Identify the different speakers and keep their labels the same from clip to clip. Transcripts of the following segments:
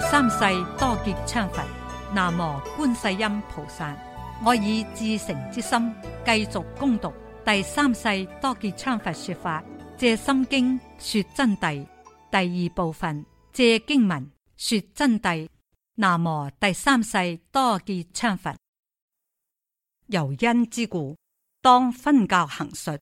Speaker 1: 第三世多杰羌佛，南無觀世音菩薩。我以至誠之心繼續恭讀第三世多杰羌佛說法，借心經說真諦第二部分，借經文說真諦。南無第三世多杰羌佛。由因之故，當分教行術。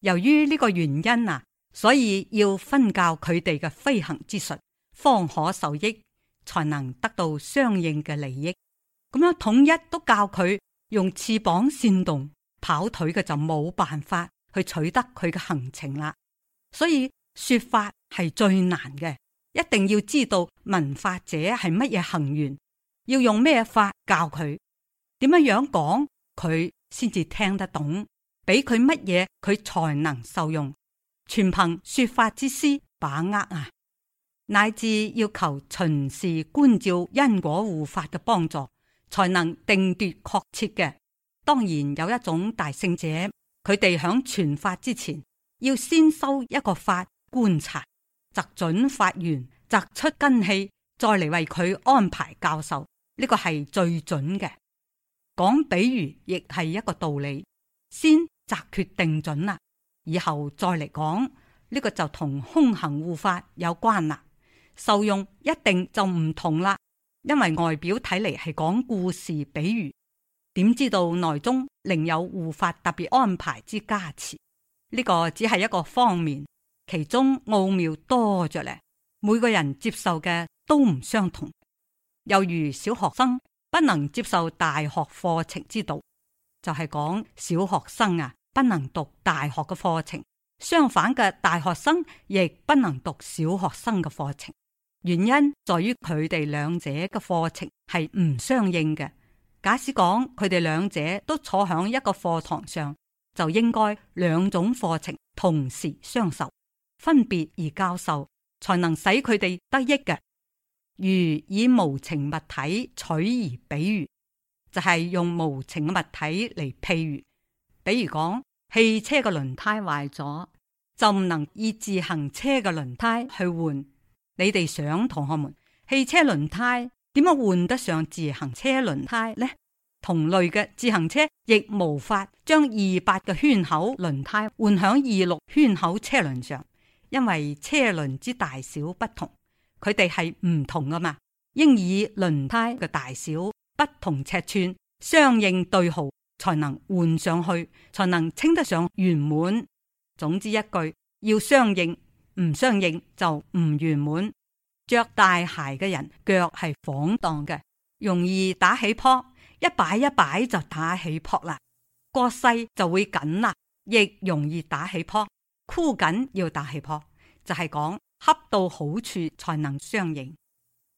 Speaker 1: 由於呢個原因啊，所以要分教佢哋嘅飛行之術，方可受益。才能得到相應嘅利益，咁樣統一都教佢用翅膀煽動跑腿嘅就冇辦法去取得佢嘅行程啦。所以說法係最難嘅，一定要知道聞法者係乜嘢行緣，要用咩法教佢，點樣樣講佢先至聽得懂，俾佢乜嘢佢才能受用，全憑說法之師把握啊。乃至要求巡視觀照因果護法嘅幫助，才能定奪確切嘅。當然有一種大聖者，佢哋響傳法之前，要先修一個法觀察，擇準法緣，擇出根器，再嚟為佢安排教授。呢個係最準嘅。講比喻亦係一個道理，先擇決定準啦，以後再嚟講呢個就同空行護法有關啦。受用一定就唔同啦，因為外表睇嚟係講故事比喻，點知道內中另有護法特別安排之加持？呢個只係一個方面，其中奧妙多着咧。每個人接受嘅都唔相同，又如小學生不能接受大學課程之道，就係講小學生啊不能讀大學嘅課程，相反嘅大學生亦不能讀小學生嘅課程。原因在於佢哋兩者嘅課程係唔相應嘅。假使講佢哋兩者都坐響一個課堂上，就應該兩種課程同時相受，分別而教授，才能使佢哋得益嘅。如以無情物體取而比喻，就係、是、用無情物體嚟譬喻，比如講汽車嘅輪胎壞咗，就唔能以自行車嘅輪胎去換。你哋想同學們，汽車輪胎點樣換得上自行車輪胎呢？同類嘅自行車亦無法將二八嘅圈口輪胎換響二六圈口車輪上，因為車輪之大小不同，佢哋係唔同噶嘛。應以輪胎嘅大小不同尺寸相應對號，才能換上去，才能稱得上圓滿。總之一句，要相應。唔相應就唔圓滿。着大鞋嘅人腳係晃蕩嘅，容易打起泡。一擺一擺就打起泡啦。過細就會緊啦，亦容易打起泡。箍緊要打起泡，就係、是、講恰到好處才能相應。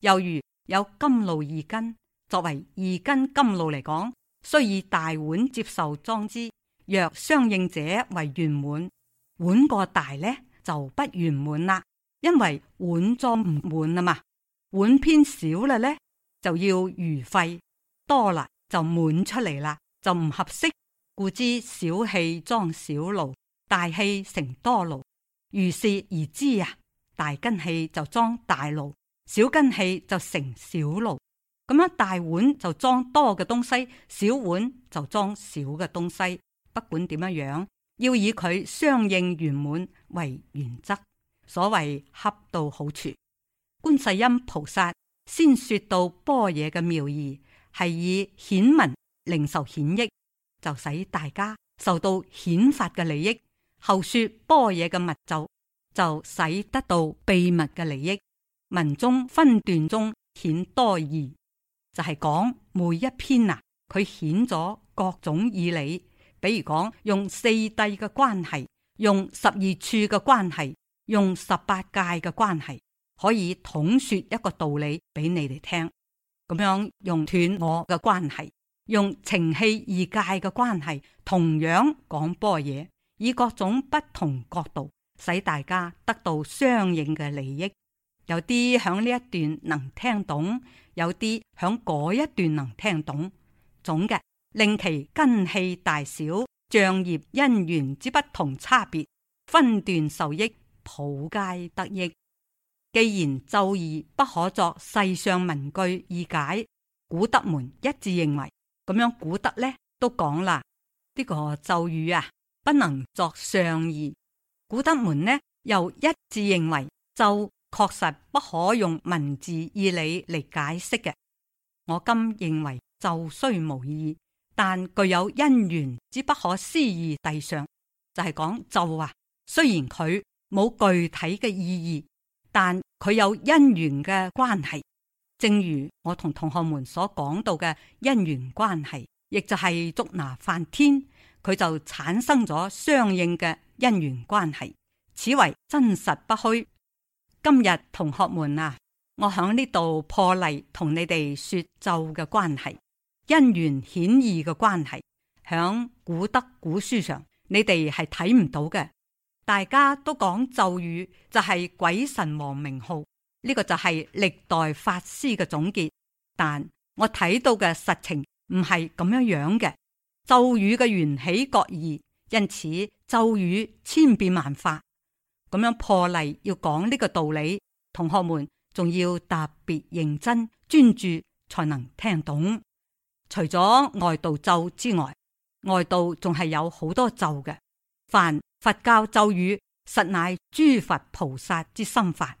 Speaker 1: 又如有甘露二根，作為二根甘露」嚟講，需以大碗接受裝之。若相應者為圓滿，碗過大呢？就不圓滿啦，因為碗裝唔滿啦嘛，碗偏少啦呢，就要餘費多啦，就滿出嚟啦，就唔合適。故知小器裝小爐，大器成多爐，如是而知啊，大根器就裝大爐，小根器就成小爐。咁樣大碗就裝多嘅東西，小碗就裝少嘅東西。不管點樣樣。要以佢相應圓滿為原則，所謂恰到好處。觀世音菩薩先說到般若嘅妙義，係以顯文，靈受顯益，就使大家受到顯法嘅利益。後說般若嘅密咒，就使得到秘密嘅利益。文中分段中顯多義，就係、是、講每一篇啊，佢顯咗各種義理。比如講用四諦嘅關係，用十二處嘅關係，用十八界嘅關係，可以統說一個道理俾你哋聽。咁樣用斷我嘅關係，用情器二界嘅關係，同樣講般若，以各種不同角度，使大家得到相應嘅利益。有啲響呢一段能聽懂，有啲響嗰一段能聽懂，總嘅。令其根氣大小、象業因緣之不同差別，分段受益、普皆得益。既然咒語不可作世上文句意解，古德們一致認為咁樣。古德呢都講啦，呢、這個咒語啊不能作上義。古德們呢又一致認為咒確實不可用文字義理嚟解釋嘅。我今認為咒雖無義。但具有因緣之不可思議地上，就係、是、講咒啊。雖然佢冇具體嘅意義，但佢有因緣嘅關係。正如我同同學們所講到嘅因緣關係，亦就係捉拿梵天，佢就產生咗相應嘅因緣關係。此為真實不虛。今日同學們啊，我喺呢度破例同你哋說咒嘅關係。因緣顯異嘅關係，響古德古書上，你哋係睇唔到嘅。大家都講咒語就係鬼神王名號，呢個就係歷代法師嘅總結。但我睇到嘅實情唔係咁樣樣嘅。咒語嘅緣起各異，因此咒語千變萬化。咁樣破例要講呢個道理，同學們仲要特別認真專注，才能聽懂。除咗外道咒之外，外道仲係有好多咒嘅。凡佛教咒語，實乃諸佛菩薩之心法。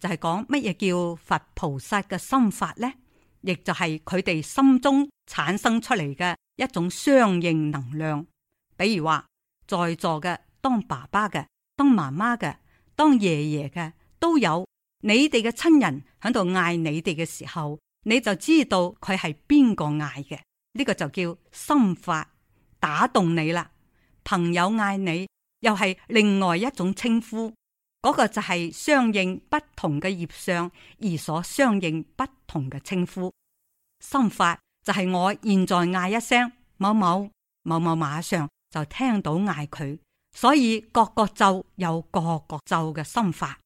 Speaker 1: 就係講乜嘢叫佛菩薩嘅心法呢？亦就係佢哋心中產生出嚟嘅一種相應能量。比如話，在座嘅當爸爸嘅，當媽媽嘅，當爺爺嘅，都有你哋嘅親人響度嗌你哋嘅時候。你就知道佢係邊個嗌嘅，呢、這個就叫心法打動你啦。朋友嗌你，又係另外一種稱呼，嗰、那個就係相應不同嘅業相而所相應不同嘅稱呼。心法就係我現在嗌一聲某某某某，某某馬上就聽到嗌佢，所以各個咒有各個咒嘅心法。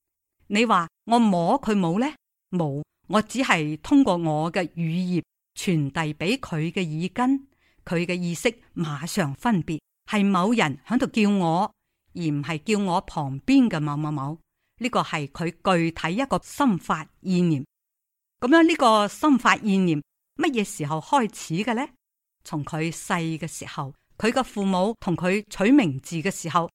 Speaker 1: 你話我摸佢冇呢？冇。我只係通過我嘅語言傳遞俾佢嘅耳根，佢嘅意識馬上分別係某人響度叫我，而唔係叫我旁邊嘅某某某。呢個係佢具體一個心法意念。咁樣呢個心法意念乜嘢時候開始嘅呢？從佢細嘅時候，佢嘅父母同佢取名字嘅時候，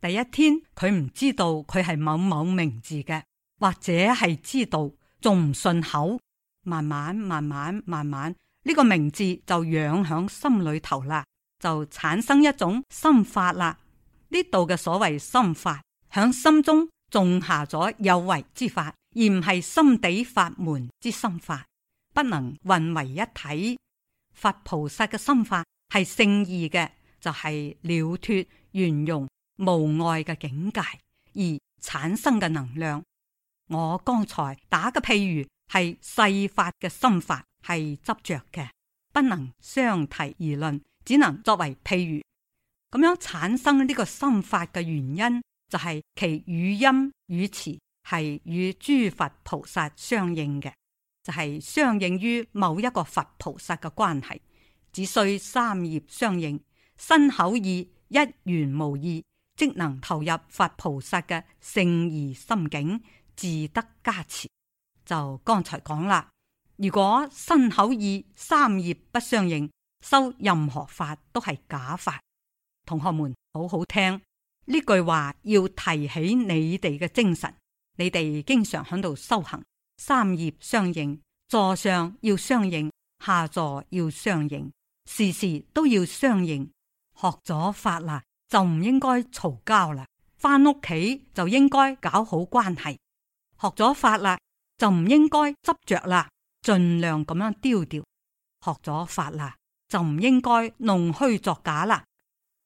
Speaker 1: 第一天佢唔知道佢係某某名字嘅，或者係知道。仲唔順口？慢慢、慢慢、慢慢，呢、這個名字就養響心裏頭啦，就產生一種心法啦。呢度嘅所謂心法，響心中種下咗有為之法，而唔係心地法門之心法，不能混為一體。佛菩薩嘅心法係聖意嘅，就係、是、了脫、圓融、無礙嘅境界而產生嘅能量。我剛才打嘅譬如係世法嘅心法係執着嘅，不能相提而論，只能作為譬如。咁樣產生呢個心法嘅原因，就係、是、其語音語詞係與諸佛菩薩相應嘅，就係、是、相應於某一個佛菩薩嘅關係，只需三業相應，身口意一元無二，即能投入佛菩薩嘅聖意心境。自得加持，就剛才講啦。如果身口意三業不相應，修任何法都係假法。同學們好好聽呢句話，要提起你哋嘅精神。你哋經常喺度修行，三業相應，座上要相應，下座要相應，時時都要相應。學咗法啦，就唔應該嘈交啦。翻屋企就應該搞好關係。學咗法啦，就唔應該執着啦，盡量咁樣丟掉。學咗法啦，就唔應該弄虛作假啦。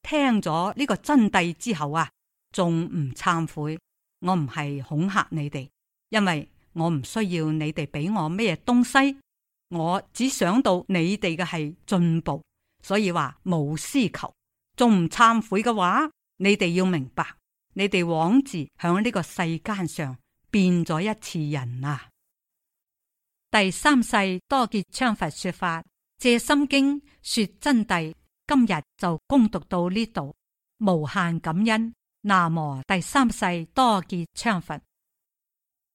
Speaker 1: 聽咗呢個真諦之後啊，仲唔懺悔？我唔係恐嚇你哋，因為我唔需要你哋俾我咩東西，我只想到你哋嘅係進步，所以話無私求。仲唔懺悔嘅話，你哋要明白，你哋往住響呢個世間上。變咗一次人啊！第三世多杰羌佛說法，藉心經說真諦，今日就恭讀到呢度，無限感恩。南無第三世多杰羌佛。